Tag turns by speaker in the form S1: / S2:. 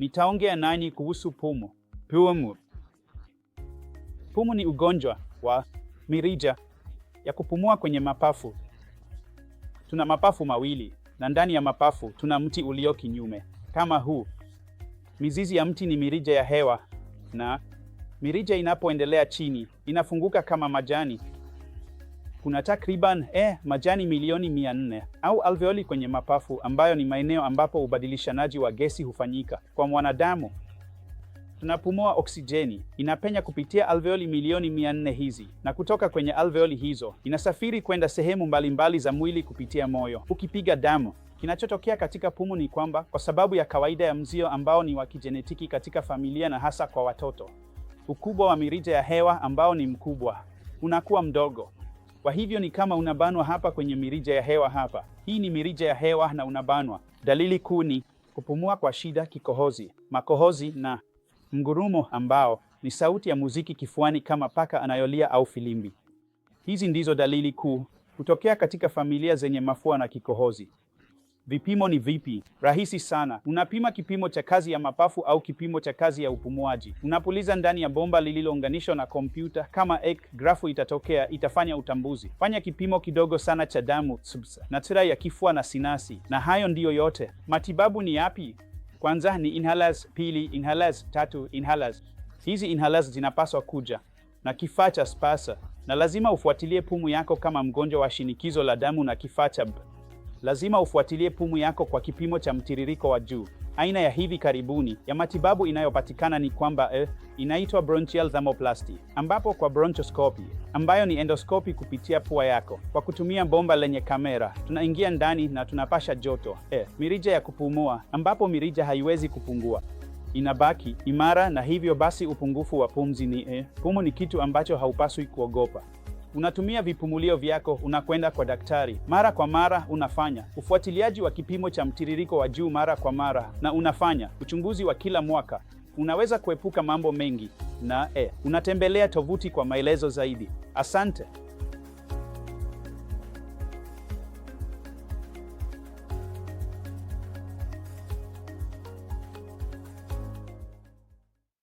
S1: nitaongea nani kuhusu pumu. Pumu. Pumu ni ugonjwa wa mirija ya kupumua kwenye mapafu. Tuna mapafu mawili na ndani ya mapafu tuna mti ulio kinyume kama huu. Mizizi ya mti ni mirija ya hewa, na mirija inapoendelea chini inafunguka kama majani kuna takriban eh, majani milioni mia nne au alveoli kwenye mapafu ambayo ni maeneo ambapo ubadilishanaji wa gesi hufanyika kwa mwanadamu. Tunapumua oksijeni, inapenya kupitia alveoli milioni mia nne hizi, na kutoka kwenye alveoli hizo inasafiri kwenda sehemu mbalimbali mbali za mwili kupitia moyo, ukipiga damu. Kinachotokea katika pumu ni kwamba kwa sababu ya kawaida ya mzio ambao ni wa kijenetiki katika familia na hasa kwa watoto, ukubwa wa mirija ya hewa ambao ni mkubwa unakuwa mdogo. Kwa hivyo ni kama unabanwa hapa kwenye mirija ya hewa hapa. Hii ni mirija ya hewa na unabanwa. Dalili kuu ni kupumua kwa shida, kikohozi, makohozi na mgurumo ambao ni sauti ya muziki kifuani kama paka anayolia au filimbi. Hizi ndizo dalili kuu. Hutokea katika familia zenye mafua na kikohozi. Vipimo ni vipi? Rahisi sana. Unapima kipimo cha kazi ya mapafu au kipimo cha kazi ya upumuaji. Unapuliza ndani ya bomba lililounganishwa na kompyuta. Kama ek, grafu itatokea, itafanya utambuzi. Fanya kipimo kidogo sana cha damu na tira ya kifua na sinasi. Na hayo ndiyo yote. Matibabu ni yapi? Kwanza ni inhalers, pili inhalers, tatu inhalers. Hizi inhalers zinapaswa kuja na kifaa cha spasa, na lazima ufuatilie pumu yako kama mgonjwa wa shinikizo la damu na kifaa cha lazima ufuatilie pumu yako kwa kipimo cha mtiririko wa juu. Aina ya hivi karibuni ya matibabu inayopatikana ni kwamba eh, inaitwa bronchial thermoplasty, ambapo kwa bronchoscopy ambayo ni endoskopi kupitia pua yako kwa kutumia bomba lenye kamera, tunaingia ndani na tunapasha joto eh, mirija ya kupumua, ambapo mirija haiwezi kupungua inabaki imara na hivyo basi upungufu wa pumzi ni eh, pumu ni kitu ambacho haupaswi kuogopa unatumia vipumulio vyako, unakwenda kwa daktari mara kwa mara, unafanya ufuatiliaji wa kipimo cha mtiririko wa juu mara kwa mara, na unafanya uchunguzi wa kila mwaka, unaweza kuepuka mambo mengi na eh, unatembelea tovuti kwa maelezo zaidi. Asante.